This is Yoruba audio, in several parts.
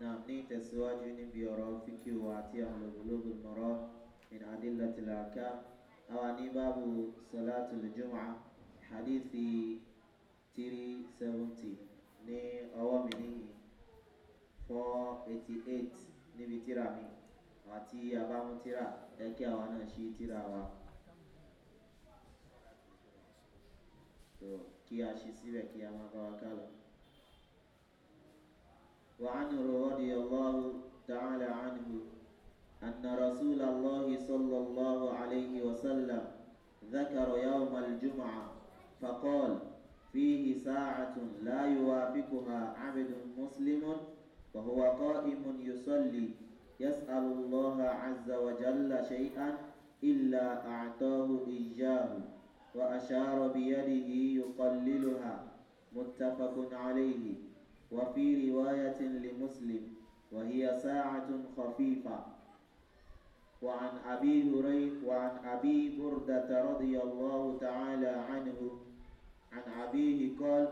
náà ní ìtẹ̀síwájú níbi ọ̀rọ̀ fíkìú àti àwọn olùgbòlógbò mọ̀rọ̀ min adillatil ahkam àwa ní báàbù salatul jumu'ah hadithi three seventy ní ọwọ́ mi níyì four eighty eight níbi tíra mi àti abámútíra ẹ̀kẹ́ àwa náà ṣí tíra wa. kí a ṣe síbẹ̀ kí a máa bá wa ká lọ. وعنه رضي الله تعالى عنه أن رسول الله صلى الله عليه وسلم ذكر يوم الجمعة فقال فيه ساعة لا يوافقها عبد مسلم وهو قائم يصلي يسأل الله عز وجل شيئا إلا أعطاه إياه وأشار بيده يقللها متفق عليه وفي رواية لمسلم وهي ساعة خفيفة وعن أبي هريرة وعن أبي بردة رضي الله تعالى عنه عن أبيه قال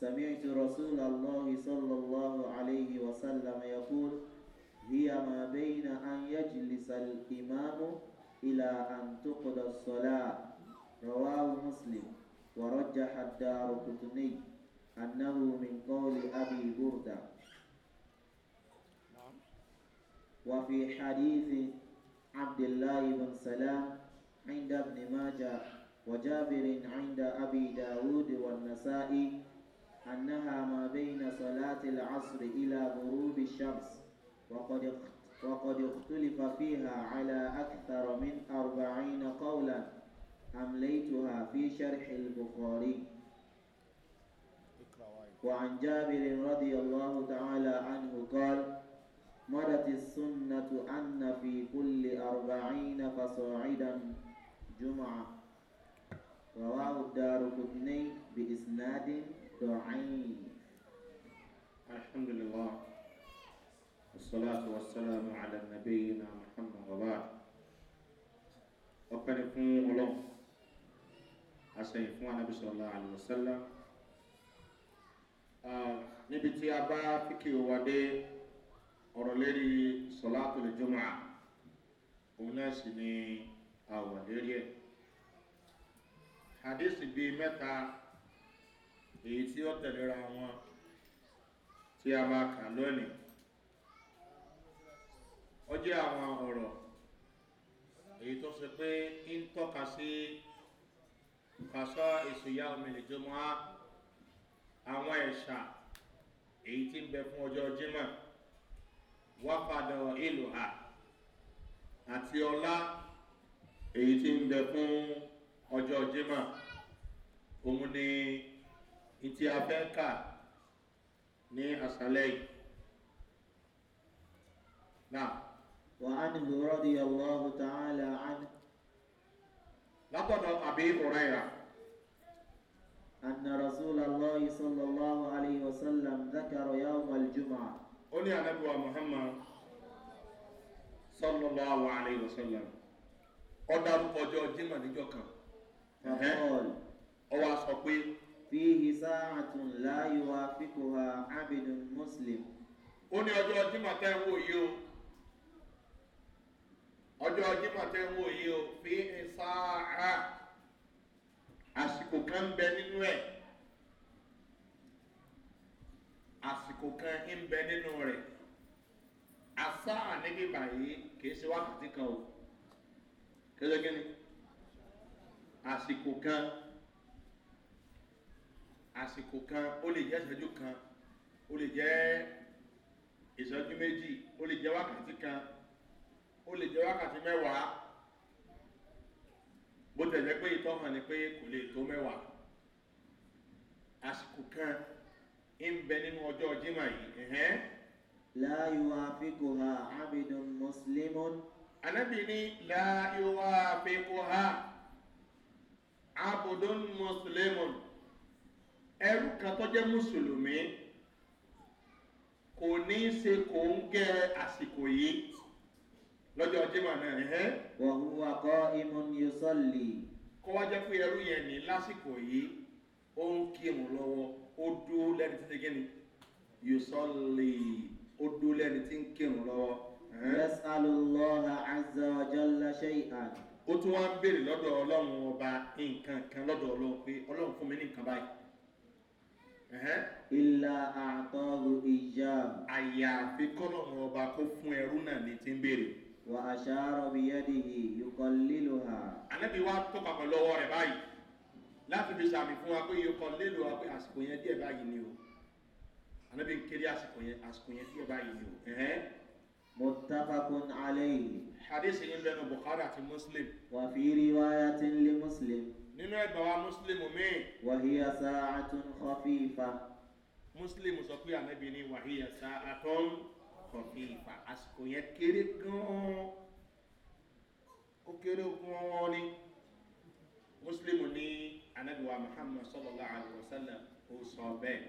سمعت رسول الله صلى الله عليه وسلم يقول هي ما بين أن يجلس الإمام إلى أن تقضى الصلاة رواه مسلم ورجح الدار قطني أنه من قول أبي بردة نعم. وفي حديث عبد الله بن سلام عند ابن ماجه وجابر عند أبي داود والنسائي أنها ما بين صلاة العصر إلى غروب الشمس وقد وقد اختلف فيها على أكثر من أربعين قولا أمليتها في شرح البخاري وعن جابر رضي الله تعالى عنه قال مرت السنة أن في كل أربعين فصاعدا جمعة رواه الدار قطني بإسناد ضعيف الحمد لله والصلاة والسلام على نبينا محمد وبعد يكون الله أسعي فوانا بسم الله عليه وسلم níbi tí a bá fíkì wa dé ọ̀rọ̀ lérí sọ̀látò lè jọmọ́ à òun náà sì ni àwọ̀ lérí ẹ̀ hadith bíi mẹ́ta èyí tí ó tẹ̀lera wọn tí a máa kà lónìí ó jẹ́ àwọn ọ̀rọ̀ èyí tó ṣe pé ń tọ́ka sí kàṣọ́ èsì ìyá omi lè jọmọ́ àwọn ẹ̀ṣà èyí tí ń bẹ fún ọjọ́ jimá wápadà ìlú ha àti ọlá èyí tí ń bẹ fún ọjọ́ jimá òun ni ìtì abẹ́ka ní àṣálẹ́ yìí. Náà. وعنه رضي الله تعالى عنه. لقد أبي هريرة أن رسول الله صلى الله عليه وسلم ذكر يوم الجمعة أني أنبوى محمد صلى الله عليه وسلم قدر قجو جمع نجوكا فقال أو أصحبي فيه ساعة لا يوافقها عبد مسلم أني أجو جمع تنبو يو أجو جمع تنبو يو فيه ساعة àsìkò kan ń bẹ nínú ẹ̀ àsìkò kan ń bẹ nínú rẹ̀ asáà níbi báyìí kìí ṣe wákàtí kan o kẹ́lẹ́kẹ́ ni àsìkò kan àsìkò kan ó lè jẹ́ ìṣẹ́jú kan ó lè jẹ́ ìṣẹ́jú méjì ó lè jẹ́ wákàtí kan ó lè jẹ́ wákàtí mẹ́wàá bó tẹ̀lé pé ìtọ́hàn ni pé kò lè tó mẹ́wàá àsìkò kan ń bẹ nínú ọjọ́ jimá yìí. láyò àfikò ha abidun muslimun. anábì ní láyò àfikò ha abidun muslimun ẹrú kan jẹ́ mùsùlùmí kò ní í ṣe kò ń gẹ àsìkò yìí lọ́jọ́ jimá náà ni. wọ́n hu akọ imun yusalli. kó wá jẹ́ pé ẹrú yẹn ní lásìkò yìí ó ń kírun lọ́wọ́ ó dúró lẹ́ni títí gíní yusalli ó dúró lẹ́ni tí ń kírun lọ́wọ́. yasalulọ́ha azza wa jalla shay'an. ó tún wá ń béèrè lọ́dọ̀ ọlọ́run ọba nǹkan kan lọ́dọ̀ ọlọ́run pé ọlọ́run fún mi ní nǹkan báyìí ilà àtọ́rù ìyá. àyàfi kọ́lọ́mù ọba kó fún ẹrú náà ní ti ń béèrè wà aṣáárọ̀ bí yẹ́dìhì yókọ̀ lílo ha. ànábì wa tọ́ka pẹ̀lú ọwọ́ rẹ̀ báyìí láti fi sàmì fún wa pé yókọ̀ lílo wa pé àsìkò yẹn díẹ̀ báyìí ni o ànábì ń kéré àsìkò yẹn àsìkò yẹn díẹ̀ báyìí ni o. muttafaqun alayhi. hadith yìí ń bẹnu bukhari àti muslim. wà fi riwayatin li muslim. nínú ẹgbàá wa muslim mi. wàhíyà sáà àtún kọfíìfà. muslim sọ pé ànábì ní wàhíyà sáà àtún kan fi ìfà àsìkò yẹn kéré gan-an ó kéré gan-an ni muslim ní anabiwa muhammad sallallahu alaihi wa sallam ó sọ bẹ́ẹ̀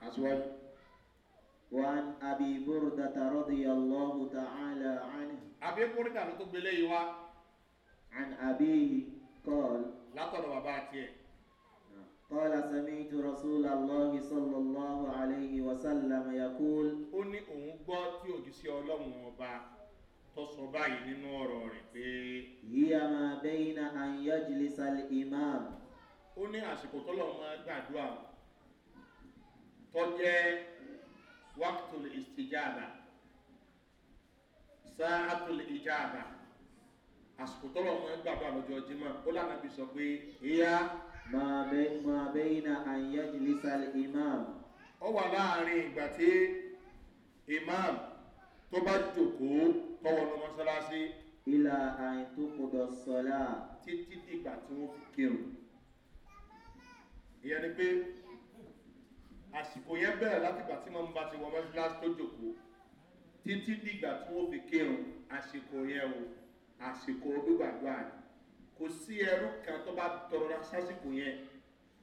kasuwaju. وعن أبي بردة رضي الله تعالى عنه أبي بردة نتبلي عن أبيه قال لا ترى باباتي قال سمعت رسول الله صلى الله عليه وسلم يقول ó ní òun gbọ́ tí òjíṣẹ́ Ọlọ́run ọba tó sọ báyìí nínú ọ̀rọ̀ rẹ̀ pé hiya ma bayna an yajlis al imam ó ní àsìkò t'Ọlọ́run máa gbàdúrà tó jẹ́ waqtul istijaba sa'atul ijaba àsìkò t'Ọlọ́run máa gbàdúrà lọ́jọ́ Jímọ̀ ó lánàá bí sọ pé hiya ma bẹ́yìnà àyájìlísà imam. ó wà láàrin ìgbà tí imam tó bá jòkóó tọwọ́ ní mọ́ṣáláṣí. ilà àyìn tó kọ̀dọ̀ sọ́lá. títí dìgbà tí wọ́n fi kírun. ìyẹn ni pé àsìkò yẹn bẹ̀rẹ̀ látìgbà tí wọ́n bá ti wọ mọ́ṣáláṣí tó jòkóó títí dìgbà tí wọ́n fi kírun àsìkò yẹn o àsìkò gbígbàdúrà ni kò sí ẹrú kan tó bá tọrọ ra sásìkò yẹn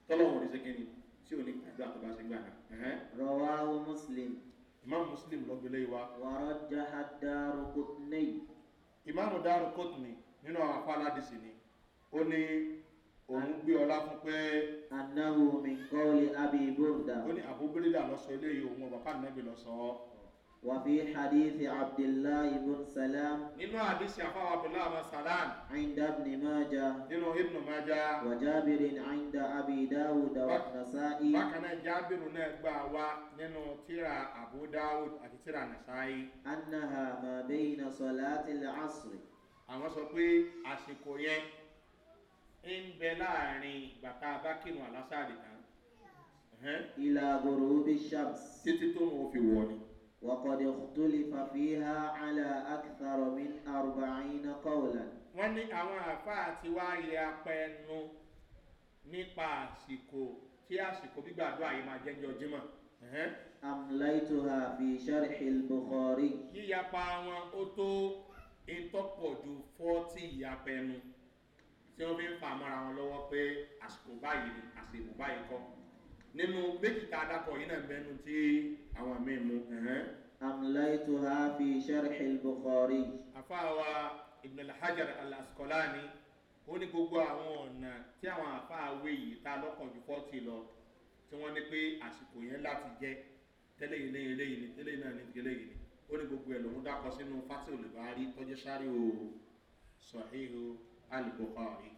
tọ́lọ́wọ̀n ní sẹ́kẹ́ni tí ò ní gbàdúrà tó bá ṣe gbà náà. rawahu muslim. imam muslim ló gbélé wa. wàrà jaha dàrú kòtùnì. ìmáàmù dàrú kòtùnì nínú àwọn afárá dìsì ni ó ní òun gbé ọlá fún pé. anáwó mi kọ́lé abiy burda. ó ní àbúbúrídà lọ́sọ ilé yìí òun ọ̀bàkà nàbì lọ́sọ̀ọ́. وفي حديث عبد الله بن سلام نينو حديث يا عبد الله بن سلام عند ابن ماجه نينو ابن ماجه وجابر عند ابي داود والنسائي وكان جابر نغبا وا نينو تيرا ابو داود ati تيرا نسائي انها ما بين صلاه العصر àwọn sọ pé àsìkò yẹn ń bẹ láàrin bàtà bákìrún àlásàrì náà. ìlà àgòrò ó bí shams. وقد اختلف فيها على أكثر من أربعين قولا wọ́n ní àwọn àáfàá ti wá ilẹ̀ apẹnu nípa àsìkò tí àsìkò gbígbàdúrà yìí máa jẹ́ jọjú mọ́. amlaituha fi sharhi al yíyapa wọn ó tó ìtọ́pọ̀ ju fọ́tì ìyapẹnu tí wọ́n fi ń fa àmọ́ra wọn lọ́wọ́ pé àsìkò báyìí àsìkò báyìí kọ́ nínú méjì tá a dákọ̀ yìí náà bẹnu tí àwọn míì mú. amúláìtò ha fi sharhi bukhari. àfáàwa ibn al-hajar al-asqalani ó ní gbogbo àwọn ọ̀nà tí àwọn àfáàwé yìí tá a lọ́kàn ju fọ́tì lọ tí wọ́n ní pé àsìkò yẹn láti jẹ́ tẹ́lẹ̀ yìí lẹ́yìn lẹ́yìn ni tẹ́lẹ̀ náà ní tẹ́lẹ̀ yìí ni ó ní gbogbo ẹ̀ dákọ̀ sínú fátì olùbárí tọ́jú sáré o sọ̀hí o al-bukhari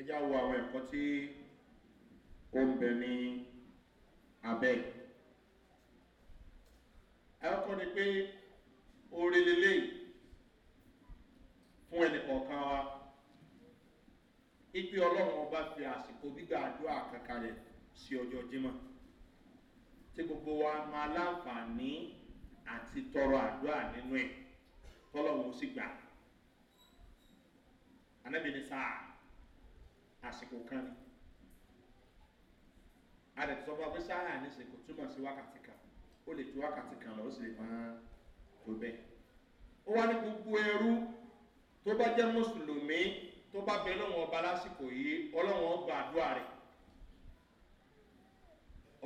ẹjá wo àwọn ẹ̀kọ́ tí ó ń bẹ ní abẹ́ ẹ̀kọ́ ni pé orí lélẹ̀ fún ẹnì kọ̀ọ̀kan wa ipe ọlọ́run ọba fi àsìkò gbígbà àdúrà kankan rẹ̀ sí ọjọ́ jimá tí gbogbo wa máa láǹfààní àti tọrọ àdúrà nínú ẹ̀ tọ́lọ́run ó sì gbà anábìíní sáà àsìkò kan ni a lè sọ fún wa pé sáà ní sèkò túmọ̀ sí wákàtí kan ó lè ju wákàtí kan lọ ó sì lè máa tó bẹ́ẹ̀. ó wá ní gbogbo ẹrú tó bá jẹ́ mùsùlùmí tó bá bẹ lọ́wọ́ ọba lásìkò yìí ọlọ́wọ́n gba àdúrà rẹ̀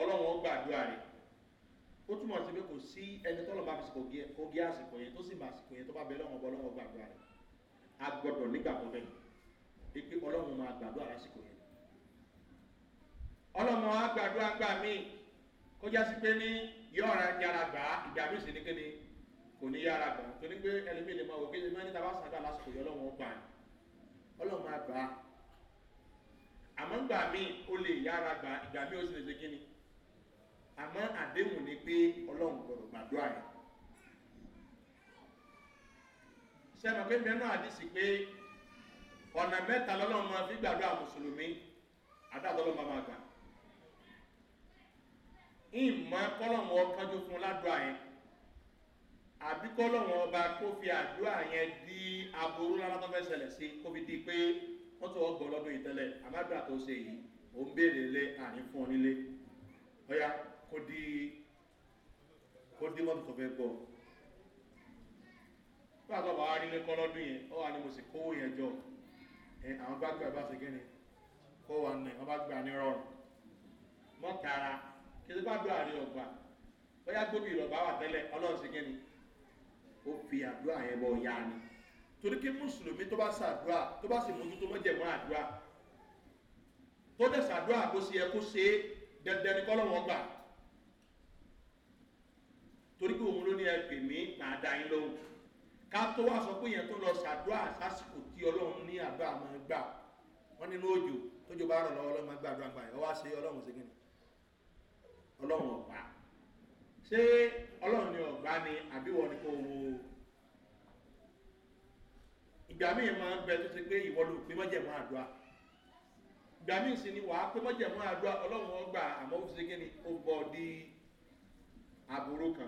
ọlọ́wọ́n gba rẹ̀ ó túmọ̀ sí pé kò sí ẹni tọ́lọ̀ bá fi sìkò gé àsìkò yẹn tó sì mà àsìkò yẹn tó bá bẹ lọ́wọ́ ọba ọlọ́wọ́n gba rẹ̀ a gbọ́dọ̀ nígbàgbọ́ bẹ́ẹ̀ ipe ọlọ́run máa gbàdúrà lásìkò yẹn ọlọ́mọ wa gbàdúrà gbà mí kó jásí pé ní yọ̀ọ̀ra yára gbà á ìgbà mí sì ní kéde kò ní yára gbà á torí pé ẹlẹ́mìí lè máa wò kéde máa ní tàbá sàdá lásìkò yẹn ọlọ́run gbà á ọlọ́run máa gbà á àmọ́ gbà mí ó lè yára gbà á ìgbà mí ó sì lè ṣe kíni àmọ́ àdéhùn ni pé ọlọ́run gbọ̀dọ̀ gbàdúrà yẹn sẹ́nu pé mẹ́nu àdìsí pé ọ̀nà mẹ́ta lọ́lọ́run máa fi gbàdúrà mùsùlùmí àdàtọ́lọ́ máa gbà ìmọ̀ kọ́lọ́run ọkànjú fún ládùá yẹn àbí kọ́lọ́run ọba kó fi àdúrà yẹn di aburú lálátọ́ fẹ́ ṣẹlẹ̀ sí kó fi di pé wọ́n tó ọgbọ̀n lọ́dún ìtẹ́lẹ̀ àmàdùrà tó ṣe yìí ò ń béèrè lé àárín fún ọ nílé ọ̀yà kó di kó di mọ́tò tó fẹ́ gbọ́ fún àtọ́bà wa nílé kọ́ lọ́dún yẹn ọ wà ní mo sì kówó yẹn jọ àwọn bá gbà bá ṣe gẹ́ni kó wà ní ọba gbà ní rọrùn mọ́tara kí ló bá gbà rí ọgbà bóyá gbóbi ìrọ̀bá wà tẹ́lẹ̀ ọlọ́run ṣe gẹ́ni ó fi àdúrà yẹn bọ̀ ya ni torí kí mùsùlùmí tó bá ṣàdúrà tó bá sì mójútó mọ́jẹ̀ mọ́ àdúrà tó dẹ̀ ṣàdúrà kó ṣe ẹ kó ṣe é dẹ̀dẹ̀ ní kọ́lọ́wọ́ gbà torí pé òun ló ní ẹ pè mí màá dá yín lóhùn ká tó wá sọ pé yẹn tó lọ ṣàdúrà sásìkò tí ọlọ́run ní àdúrà máa gbà wọ́n nínú òjò tójò bá rọ̀ lọ́wọ́ ọlọ́run máa gbàdúrà gbà yẹn ọwá ṣe ọlọ́run ṣe kíni ọlọ́run ọ̀pá ṣé ọlọ́run ni ọ̀gbá ni àbíwọ̀ ni kò wo ìgbà míì máa ń bẹ tó ṣe pé ìwọ ló pé mọ́jẹ̀mọ́ àdúrà ìgbà míì sì ni wàá pé mọ́jẹ̀mọ́ àdúrà ọlọ́run ọgbà àmọ́ ó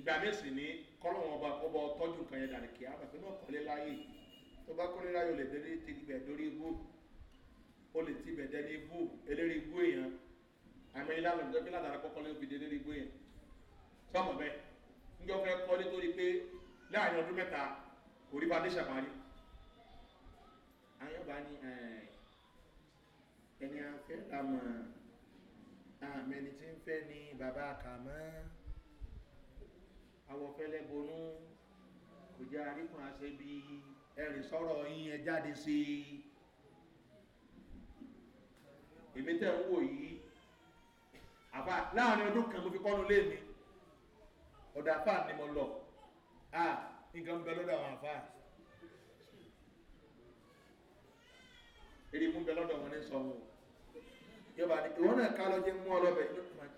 ìgbà míì sì ní kọ́lọ́wọ́n ọba kọ́ bọ tọ́jú nǹkan yẹn dàrí kí á bàtí náà kọ́lé láyè tó bá kọ́lé láyè o lè délé ti ibẹ̀ dórí ibú o lè ti ibẹ̀ dẹ́ni ibú eléré ibú èèyàn àmì ìlànà ìjọba ìlànà àkọ́kọ́ kọ́lé òbí délé ibú èèyàn sọ́mọ̀ bẹ́ẹ̀ níjọ́ fẹ́ kọ́lé tó pé láàrin ọdún mẹ́ta kò rí bàdé ṣàparí ayọ́ba ni ẹni afẹ́ làmọ̀ àmẹ́ni tí ń fẹ́ ni bàbá àkàmọ́ gbẹlẹbonú kò jẹ́ àríkùn àṣẹ bí ẹ̀rìn sọ́rọ̀ yín ẹ jáde sí i èmi tẹ́ ń wò yìí àbá láàrin ọdún kan mo fi kọ́nu lé mi ọ̀dà àfà ni mo lọ à nǹkan ń bẹ lọ́dọ̀ àwọn àfà èrè mú bẹ lọ́dọ̀ wọn ní sọ wọn yọba ìwọ náà ká lọ jẹ mú ọ lọbẹ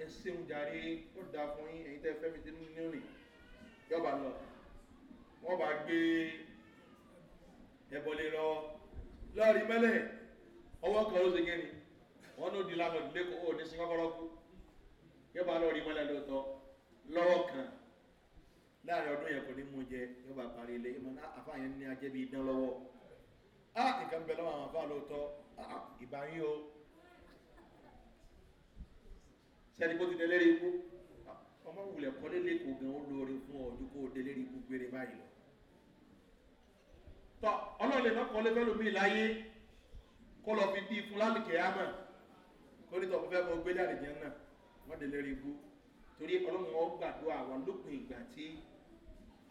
ẹ ṣeun jàre ó dáa fún yín ẹ̀yin tẹ́ fẹ́ mi nínú nínú yọba lọ wọ́n bá gbé ẹbọlé lọ lọ́ọ̀rí mẹ́lẹ̀ ọwọ́ kan ló ṣe gé ni wọ́n ló di lánàá ìdílé kó ní sí kọ́kọ́rọ́ kú yọba lọ́ọ̀rí mẹ́lẹ̀ lóòótọ́ lọ́wọ́ kan láàrin ọdún yẹn kò ní mú jẹ yọba parí ilé ìmọ̀ náà àfáàyàn ní ajẹ́ bí idán lọ́wọ́ á nǹkan bẹ lọ́wọ́ àwọn àfáà lóòótọ́ ìbáyín o sẹ́ni kó ti délé ikú ọmọ wulẹ̀ kọ́lé lẹ́kọ̀ọ́ gan ó lóore fún ọdún kó délé rí gbúgbére báyìí lọ tọ́ ọlọ́ọ̀lẹ̀ náà kọ́lé fẹ́lómi láyé kọ́ lọ fi dí fún lálùkẹ́ àmà kó ní tọ́kọ́ fẹ́ mọ́ gbélé àrìjẹ́ náà wọ́n délé rí gbú torí ọlọ́run ọ gbàdúrà wa lópin ìgbà tí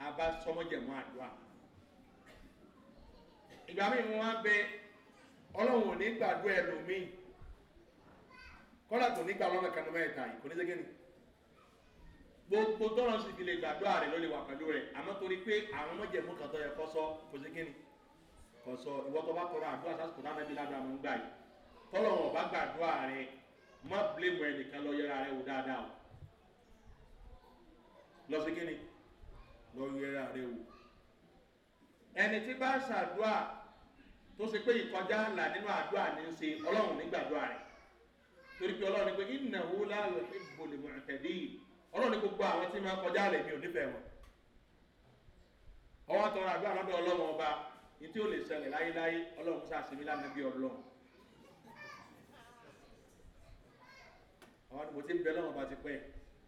a bá sọmọ́jẹ̀mọ́ àdúrà ìgbà míì wọn á bẹ ọlọ́run ò ní gbàdúrà ẹlòmíì kọ́lá kò ní gbà lọ́nà kanú mẹ́ta yìí kò ní sẹ́gẹ́nì gbogbo tọ́lọ́ sì fi lè gbàdúrà rẹ̀ ló lè wà pẹ̀lú rẹ̀ àmọ́ torí pé àwọn mọ́jẹ̀mú kan tó yẹ kọ́ sọ kò sí kíni kò sọ ìwọ tó bá kọ́ra àdúrà sásìkò náà nàbí ládàá mọ́ ń gbà yìí tọ́lọ́ wọn bá gbàdúrà rẹ̀ má bílẹ̀mù ẹnìkan lọ yẹra rẹ̀ wò dáadáa o lọ sí kíni lọ yẹra rẹ̀ wò ẹni tí bá ṣàdúrà tó ṣe pé ìkọjá là nínú àdúrà ní ṣe ọlọ́run nígbàdúrà rẹ̀ torí pé ọlọ́run ní pé ìnáwó láàlú ìbòlè mọ̀tẹ́dẹ́yìí ọlọ́run ní gbogbo àwọn tí máa kọjá àlẹ̀ mi ò nífẹ̀ẹ́ wọn ọwọ́ tọrọ àdúrà lọ́dọ̀ ọlọ́run ọba ní tí ó lè ṣẹlẹ̀ láyéláyé ọlọ́run sá sí mi lánàá bí ọlọ́run àwọn mo ti ń bẹ lọ́wọ́ ọba ti pẹ́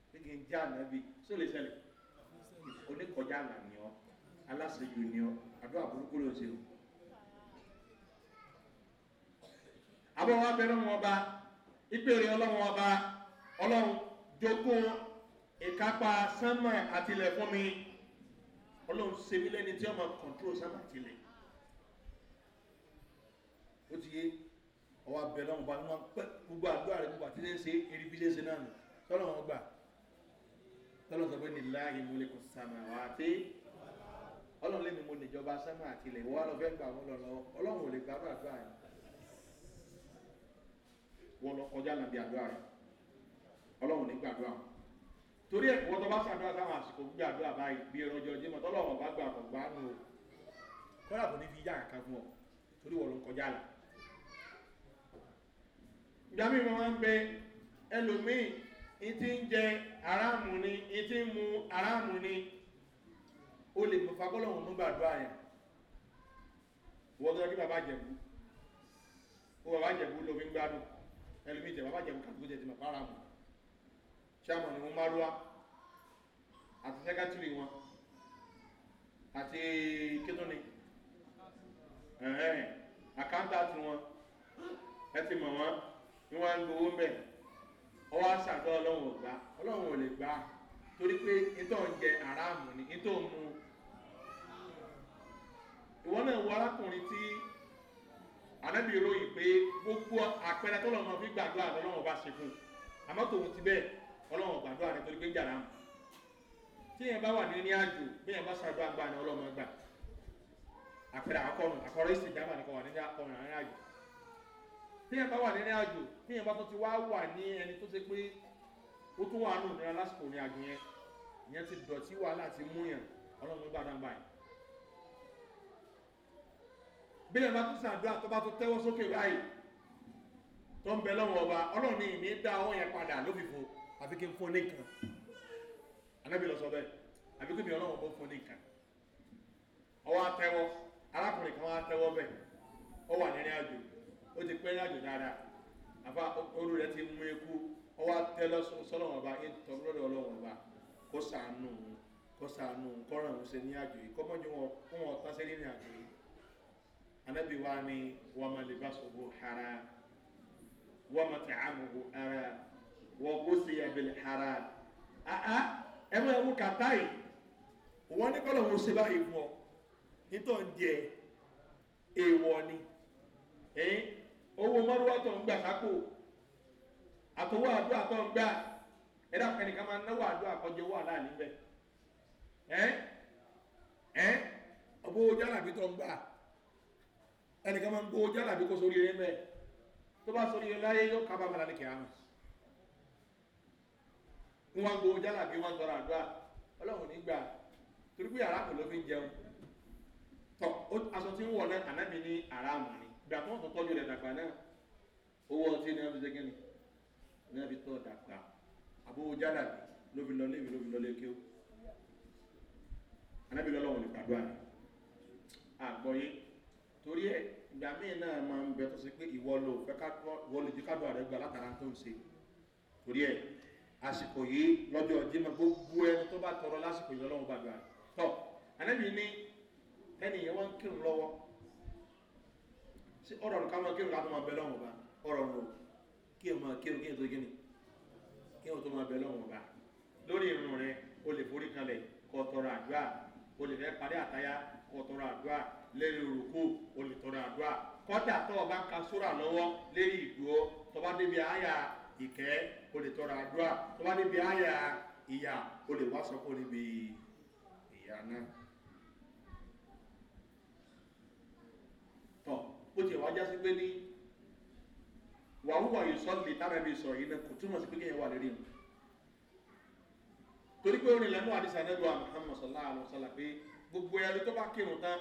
kí n já ànábì sí ó lè ṣẹlẹ̀ oníkọjá àlà ni ọ aláṣejù ni ọ àdúrà burúkú ló ń ṣe o àbọ̀ wọn abẹ́rẹ́ wọn ọba ìpèrè ọlọ́run ọba ọlọ́run jogún ìkápá sánmà àtìlẹ̀ fún mi ọlọ́run ṣe mí lẹ́ni tí ọmọ kọ̀ǹtrol sánmà àtìlẹ̀ ó ti yé ọwọ́ abẹ lọ́wọ́ bá wọn pẹ́ gbogbo àdúrà rẹ̀ gbogbo àti ṣe ń ṣe eré bí ṣe ń ṣe náà nù tọ́lọ̀ wọn gbà tọ́lọ̀ sọ pé nílá ìmúlẹ̀kùn sánmà wà á tẹ́ ọlọ́run lèmi mo níjọba sánmà àtìlẹ̀ wọ́n lọ fẹ́ gbà wọ́n lọ ọlọ́run ò lè gbàdúrà wọ́n lọ kọjá nàbí àdúrà yìí ọlọ́run ní gbàdúrà wọn torí ẹ̀ wọ́n tó bá ṣàdúrà sáwọn àsìkò gbàdúrà báyìí bí ẹran jọ jẹ́ mọ́tọ́ lọ́wọ́ bá gbà nù o kọ́lá kò ní fi yá kankan fún ọ torí wọ́n ló ń kọjá là ìgbà míì máa ń bẹ ẹlòmíì ìtí ń jẹ aráàmù ni ìtí ń mu aráàmù ni o lè mọ̀fà kọ́lọ̀hún ní gbàdúrà yẹn wọ́n tó kí bàbá jẹ̀bú ó bàbá jẹ̀bú lómi gbádùn ẹlòmíì jẹ̀ bàbá jẹ̀bú kàdúgbò jẹ̀ ti mọ̀ fáramù chairman wọn márùá àti secretary wọn àti kíndùnì accountant wọn ẹ ti mọ̀ wọ́n ni wọ́n á ń o mbẹ́ ọwọ́ àṣàgbọ́ ọlọ́run ò gbá ọlọ́run ò lè gbá torí pé ìtọ̀ ń jẹ àràmù ni ìtọ̀ ń mu ìwọ náà wọ arákùnrin tí anábìròyìn pé gbogbo àpẹẹrẹ tó lọ́mọ fi gbàdúrà lọ́wọ́ bá ṣe fún un àmọ́ tòun ti bẹ́ẹ̀ ọlọ́run gbàdúrà rẹ torí pé ń jàrá mu tí yẹn bá wà ní ní àjò bí yẹn bá ṣàdúrà gbà ní ọlọ́mọ gbà àpẹẹrẹ àkọrùn àkọrọ ìsìn ìjàmbá nìkan wà ní àkọrùn àárín àjò tí yẹn bá wà ní ní àjò tí yẹn bá tó ti wá wà ní ẹni tó ṣe pé ó tún wà nù nira lásìkò ní àjò yẹn ìyẹn ti dọ̀tí wàhálà ti mú yẹn ọlọ́run gbàdúrà gbà yẹn bí yẹn bá tó ṣàdúrà tó bá tó tẹ́wọ́ sókè báyìí tó ń bẹ lọ́wọ́ ọba ọlọ́run àfi kí n fún ní nǹkan anábì lọ sọ bẹ́ẹ̀ àfi kí mi ọlọ́wọ́ bó fún ní nǹkan ọwọ́ atẹ́wọ́ arákùnrin kan wá tẹ́wọ́ bẹ́ẹ̀ ọ wà nírìn àjò ó ti pẹ́ rìn àjò dáadáa àfa olú rẹ̀ ti mú ikú ọwọ́ atẹ́ lọ́sọ̀lọ́wọ́n ọba ẹ̀ tọ́lú lọ́dọ̀ ọlọ́wọ́n ọba kó sàánú kó sàánú kọ́ràn òun ṣe ní àjò yìí kọ́mọ́jú wọn wọn tán sí nínú àjò yìí anábì wa ni wọ́n máa lè bá sọ̀gbọ́ ara wọ́n máa tẹ̀ ara wọ́n kó sí ẹ̀bìlì haram àá ẹ̀rọ ẹ̀wù kàtá yìí wọ́n ní kọ́lọ̀ wọn ṣe báyìí fún ọ nítọ̀ ń jẹ èèwọ̀ ni ẹ̀yìn owó mọ́rúwá tó ń gbà sápò àtọwọ́ àdúrà tó ń gbà ẹ̀dá ẹnìkan máa náwó àdúrà kọjọ wà láàlú bẹ́ẹ̀ ẹ̀ ẹ̀ ọ̀bọ̀ ojú àlàbí tó ń gbà ẹnìkan máa ń gbó ojú àlàbí kó sórí rẹ̀ mẹ́ tó bá sórí rẹ̀ láyé yóò kábàámọ̀ lálẹ́ kìámọ̀ wọ́n gbowó jálà bí wọ́n tọrọ àdúrà ọlọ́run nígbà torí pé aráàbò ló fi ń jẹun tọ aṣọ tí ń wọ náà ànábì ní aráàmù ni ìgbà tó ń tó tọ́jú rẹ̀ dàgbà náà owó ọtí ni wọ́n fi ṣégin ni ní wọ́n fi tọ́ dàgbà àbówó jálà ló fi lọ léèwé ló fi lọ léèké o ànábì lọ́lọ́run ní gbàdúrà ni àgbọ̀yé torí ẹ̀ ìgbà míì náà máa ń bẹ tó ṣe pé ìwọ ló fẹ́ ká wọ́n lè ká dùn àrẹ́gbà látara tó ń ṣe torí ẹ̀ àsìkò yìí lọ́jọ́ jimá gbogbo ẹni tó bá tọrọ lásìkò yìí lọ́wọ́ gbàgbà tọ́ anábì ní ẹni yẹn wọ́n ń kírun lọ́wọ́ sí ọ̀rọ̀ ká máa kírun láti máa bẹ lọ́wọ́ bá ọ̀rọ̀ rò kí ẹ máa kírun kí ẹ tó gíní kí ẹ tó máa bẹ lọ́wọ́ bá lórí irun rẹ o lè forí kanlẹ̀ kọ tọrọ àdúrà o lè fẹ́ parí àtayá kọ tọrọ àdúrà lẹ́yìn òrùkú o lè tọrọ àdúrà kọ́dà tọ́ ọ bá ń ka sóra lọ́wọ́ lẹ́yìn ìdúró tọ́ bá débi àyà ìkẹ́ o lè tọrọ àdúrà tó bá níbi àyà ìyà o lè wá sọ pé o níbi ìyà náà. tọ́ bó ti wá jásí pé ní wàhùwà yìí sọ́ọ̀lì tára ibi sọ̀rọ̀ yìí náà kò túmọ̀ sí pé kéèyàn wà lórí mu torí pé orin lẹ́nu àdìsá nẹ́lú àmàhàmà sọ̀lá àwọn sọ̀lá pé gbogbo ẹni tó bá kírun tán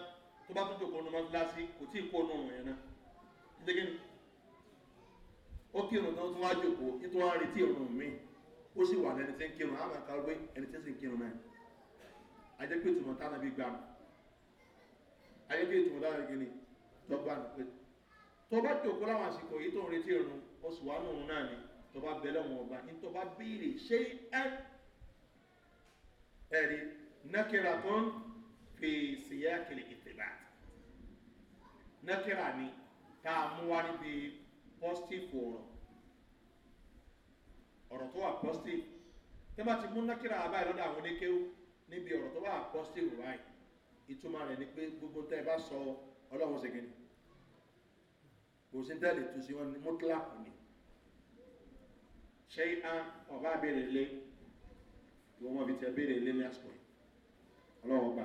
tó bá tó jòkó ọ̀nà mọ́tíláṣí kò tí ì kó ọ̀nà ọ̀rùn yẹn náà ó kírun tán tó wá jòkó tó wá retí ìrun mi ó sì wà lẹni tí ń kírun á máa kàwé ẹni tí ń sì ń kírun náà ajẹ́ pé tùmọ̀ tánà bí gbà ajẹ́ pé tùmọ̀ tánà gíní tó gbà nù pé tó bá jòkó láwọn àsìkò yìí tó ń retí ìrun ó sì wà nùrun náà ni tó bá bẹ̀lẹ̀ wọn ọba ní tó bá béèrè ṣé ẹ́ ẹ̀rí nákẹ́ra tó ń fèsì yá kiri ìtìbà nákẹ́ra ni tá a mú wá níbi positive ọ̀rọ̀ ọ̀rọ̀ tó wà positive tí wọ́n ti mú nákìrà abáyé lọ́dọ̀ àwọn oníkéwú níbi ọ̀rọ̀ tó wà positive báyìí ìtumọ̀ rẹ̀ ni pé gbogbo tẹ́ ẹ bá sọ ọlọ́run ṣe gẹ̀ẹ́nì kò sí tẹ́lẹ̀ tó sí wọn ní mọ́tílà kù ni ṣé á ọba abẹ́rẹ́ lé ìwọ́n wọn fi tẹ abẹ́rẹ́ lé ní àsìkò yìí ọlọ́run gbà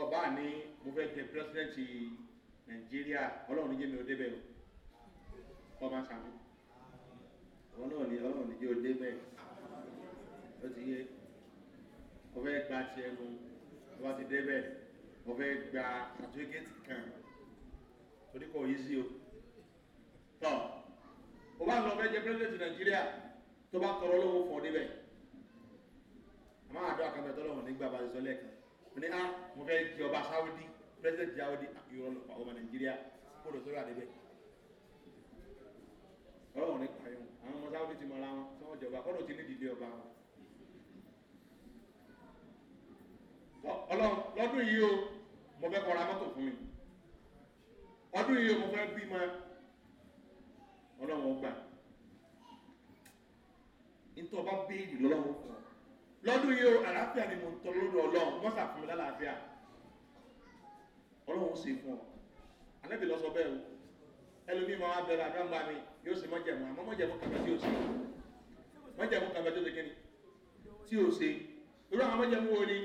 ọba ní mo fẹ́ tẹ pírẹsidẹ́ǹtì nàìjíríà ọlọ́run jẹ́ mi ò débẹ̀ o kọ́ bá sàmú wọn náà ní ọlọ́run ní yóò dé bẹ́ẹ̀ ó ti yé mo fẹ́ gba tiẹ̀ mu ti dé bẹ́ẹ̀ mo fẹ́ gba kan torí kò o tọ́ o bá lọ fẹ́ jẹ nàìjíríà tó bá tọrọ lówó fún níbẹ̀ àmọ́ àdó àkàbẹ̀ tọ́lọ́run nígbà bá sọ lẹ́ẹ̀kan mo ní a ah, mo fẹ́ jẹ ọba sáwọ́dí pírẹ́sìdẹ̀ntì sáwọ́dí ìrọ̀lọ́pàá ọba nàìjíríà kó lọ sórí àdébẹ̀ ọlọ́run ní pààyàn àwọn ọmọ sáwọ́dí ti mọ̀ra wọn tí wọ́n jọba kọ́dọ̀ ti nídìí ilé ọba wọn. ọlọ́run lọ́dún yìí o mo fẹ́ kọ́ra mọ́tò fún mi ọdún yìí o mo fẹ́ bímọ ọlọ́run gbà nítorí ọba béèrè lọ́wọ́ fún ọ lọ́dún yìí o àlàáfíà ni mo ń tọ́ lọ́dún ọlọ́run mọ́sà fún mi lálàáfíà ọlọ́run ṣe fún ọ alẹ́ bí lọ sọ bẹ́ẹ̀ o ẹlòmíì máa bẹ̀rẹ̀ àdúrà mi yóò ṣe mọ́jẹ̀mú àmọ́ mọ́jẹ̀mú kan tí ó ṣe mọ́jẹ̀mú kan tí ó ṣe kí ni tí ó ṣe irú àwọn mọ́jẹ̀mú wo ni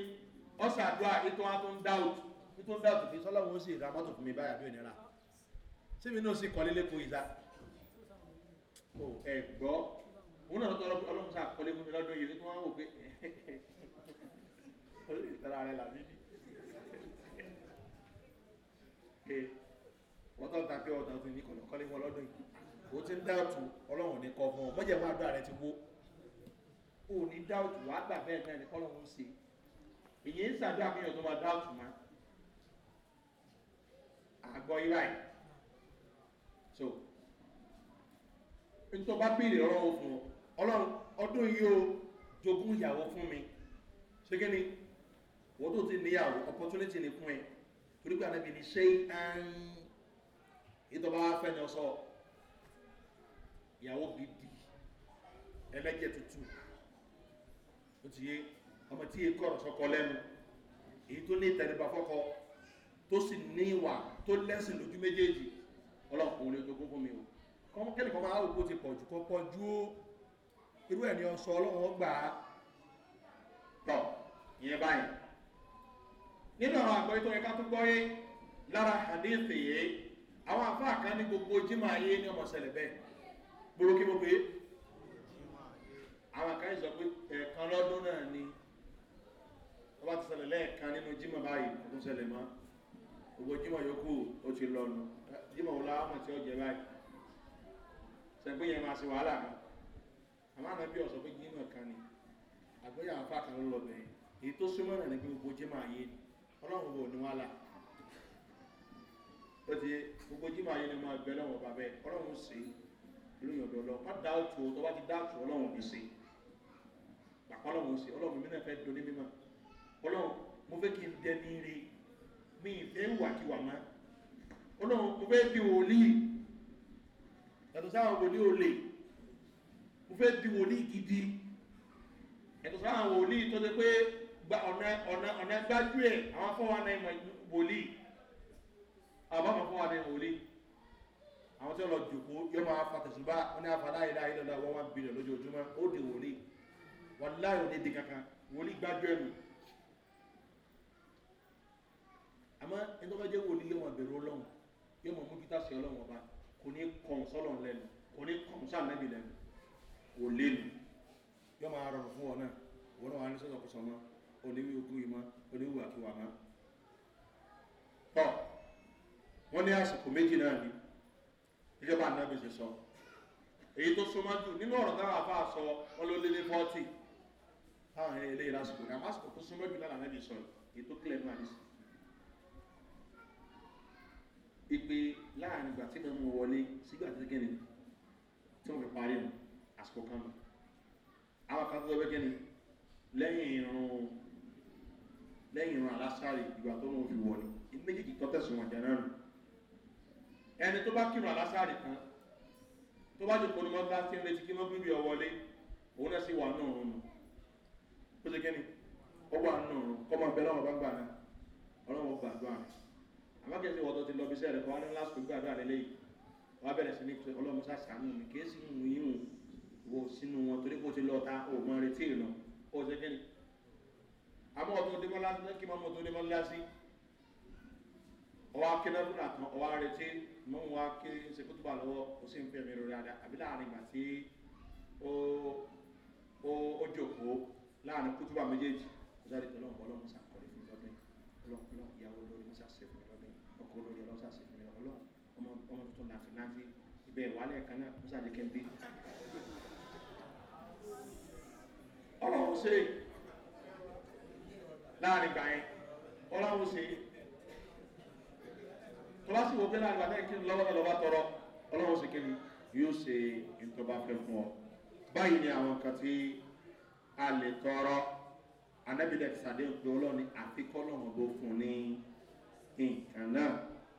ọ̀sà àdúrà ètò wa tó ń dáùt tó ń dáùt fi sọ́lọ́wọ́ ó sì ra mọ́tò fún mi báyà bí òní ra sí mi náà sì kọ́ lélé fún ìza ẹ̀gbọ́ òun náà tọrọ ọlọ́run sáà kọ́lé fún mi lọ́dún yìí tó wọ́n wò pé ìtara rẹ̀ pé ọ̀tàn tún ní kọ̀lọ̀kọ́lé fún ọlọ́dún yìí o ti ń dáàtù ọlọ́run ní kọ́ fún ọ mọ́jẹ̀ máa dọ́ ààrẹ ti wó o ní dáàtù wàá gbà bẹ́ẹ̀ náà ní kọ́lọ́run ṣe èyí ń sàdúrà mí ọ̀dọ́ máa dáàtù má àgọ́ ira ẹ̀ so nítorí bá béèrè ọlọ́run fún ọ ọlọ́run ọdún yìí o jogún ìyàwó fún mi ṣé kí ni wọ́n tó ti níyàwó opportunity ni fún ẹ torí pé àdàbí ni ṣé ń ìtọ́ bá fẹ́ ni ọ sọ ìyàwó gidi ẹlẹ́jẹ̀ tútù ó ti yé ọmọ tí èkó ọ̀rọ̀ sọ́kọ lẹ́nu èyí tó ní ìtẹ̀lẹ́bà fọ́kọ tó sì ní ìwà tó lẹ́sìn lójú méjèèjì ọlọ́pùn olè tó gbogbo mi o kọ́mọ́kẹ́lì kọ́mọ́ àwòkó ti pọ̀jù kọ́ pọ̀jú ó irú ẹ̀ ni ọsọ ọlọ́run gbà á tọ̀ ìyẹn báyìí nínú àwọn àgbọ̀ ìtọ́ ẹ̀ká tó gbọ́yé lára àdéhìfèyé àwọn àfáà kan ní gbogbo jímọ̀ ayé ní ọmọ sẹlẹ̀ bẹ́ẹ̀ gbòòrò kí mo pè é àwọn kan sọ pé ẹ̀ẹ̀kan lọ́dún náà ni wọ́n bá ti sẹlẹ̀ lẹ́ẹ̀kan nínú jímọ̀ báyìí kò tún sẹlẹ̀ mọ́ gbogbo jímọ̀ yòókù ó ti lọ́nu jímọ̀ wò láwọn àmọ̀ tí báyìí sẹ́gbẹ́ yẹn máa ni àgbéyà àfa kan ló lọ bẹ̀rẹ̀ èyí tó súnmọ́ náà ni pé gbogbo jímọ̀ ayé ni ọlọ́run wò ní wàhálà ó ti gbogbo jímọ̀ ayé ni mo bẹ̀ lọ́wọ́ ọlọ́run sì lóyún ọ̀dọ̀ lọ má dá òtù tó bá ti dá òtù ọlọ́run ní sí pàpọ̀ ọlọ́run sí ọlọ́run mi náà fẹ́ do ní mímọ́ ọlọ́run mo fẹ́ kí n dẹni rí mi ìfẹ́ ìwàkiwà má ọlọ́run mo fẹ́ di wòlíì yàtọ̀ sáwọn wòlíì olè mo fẹ́ di wòlíì gidi yàtọ̀ sáwọn wòlíì tó ṣe pé ọ̀nà gbájú ẹ̀ àwọn fọwọ́ náà wòlíì àbámọ̀ fọwọ́ náà wòlíì àwọn tí wọ́n lọ jòkó yóò máa fa tẹ̀sùbá wọ́n ní àfàdá ìlà ìlọ́lá wọ́n wá bílẹ̀ lójoojúmọ́ ó dè wòlíì wọ́n láyò ní di kankan wòlíì gbájú ẹ̀mí àmọ́ ẹni tó bá jẹ́ wòlíì yóò máa bẹ̀rù ọlọ́run yóò máa mú kíta sí ọlọ́run ọba kò ní kàn sọ́lọ̀ lẹ́nu kò ní kàn sànẹ́bì lẹ́nu kò lẹ́nu yóò máa rọrùn fún ọ náà wọ́n náà wà ní sọ́sọ̀ kùsọ̀ mọ́ oníwí ogún ìmọ̀ oníwì àkíwà mọ́ tọ́ wọ́n ní àsìkò méjì náà ni gẹ́gẹ́ bá anábì ṣe sọ èyí tó súnmọ́ jù nínú ọ̀rọ̀ táwọn afá sọ wọn ló lé ní fọ́tì táwọn ẹni eléyìí lásìkò ní àmásìkò tó súnmọ́ jù lára anábì sọ èyí tó kílẹ̀ nínú àdìsí. ìpè láàrin ìgbà tí mẹ́mú wọlé sígbà tí kẹ́ni tí wọ́n fi parí nù àsìkò kan lọ àwọn kan tó lọ́wọ́ kẹ́ni lẹ́yìn irun lẹ́yìn irun alásàrè ìgbà tó lọ́wọ́ fi wọlé méjèèjì ẹni tó bá kírun àlásàrì kan tó bá jòkó ni wọ́n bá ti ń retí kí wọ́n bíbí ọwọlé òun náà sì wà nù ọ̀run nù ó ṣe kíni ó wà nù ọ̀run kọ́ máa bẹ lọ́wọ́ bá gbà náà ọlọ́wọ́ gbàdúrà rẹ̀ àmọ́kẹ́sì wọ́tọ́ ti lọ bí sẹ́ẹ̀rẹ̀ kọ́ wá ní lásìkò gbàdúrà lélẹ́yìí wọ́n bẹ̀rẹ̀ sí ní pé ọlọ́run sá sàánú mi kí sì ń yíwò wo sínú wọn torí kò ti lọ ta òògùn retí ìrìnà ó ṣe kíni àmọ́ ọ̀tún o o se ọwọ́ akéná lónà kan ọwọ́ arètí mọ́ wọn aké ṣe kó tó bá lọ́wọ́ kò sí ń fẹ́ mi lórí ada àbí láàrin ìgbà tí ó ó jòkó láàrin kútúbà méjèèjì kò sáré tó lọ́wọ́ ọlọ́run sàkọ́lé fún lọ́dún ọlọ́run ìyàwó lórí mọ́sá ṣe fún lọ́dún ọkọ lórí ọlọ́sà ṣe fún ọlọ́run ọmọ tuntun láti láti ibẹ̀ ìwálẹ̀ kan náà mọ́sá jẹ́ kẹ́ńbí. ọlọ́run ṣe láàrin ìgbà yẹn ọlọ́run ṣe tọ́lásì wo pé láàgbà náà kí n lọ́wọ́ lọ́wọ́ tọrọ ọlọ́run sì kí ni yóò ṣe ìtọ́ba fẹ́ fún ọ báyìí ni àwọn kan tí a lè tọrọ anábìlẹ̀ sàdé pé ọlọ́run àfi kọ́lọ́run bó fún ní nǹkan náà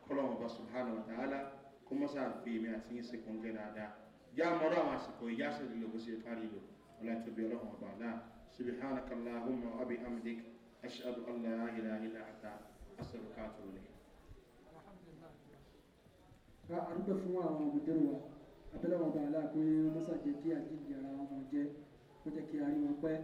kọ́lọ́run ọba subhanahu wa ta'ala kó mọ́sá fi èmi àti yín sekùn gẹ́ dáadáa já mọ́rọ́ àwọn àsìkò ìyá sẹ́lẹ̀ ló bó ṣe kárí lò ọlá ìtòbí ọlọ́run ọba náà subhanakallahumma wa bihamdik ashhadu an la ilaha illa anta astaghfiruka wa a dúpẹ́ fún àwọn ọmọdé wa abẹ́lẹ́wọ̀n bàálà pé wọ́n mọ́sàjẹ́ kí àjíǹde ara wọn jẹ́ kó jẹ́ kí a wọn pẹ́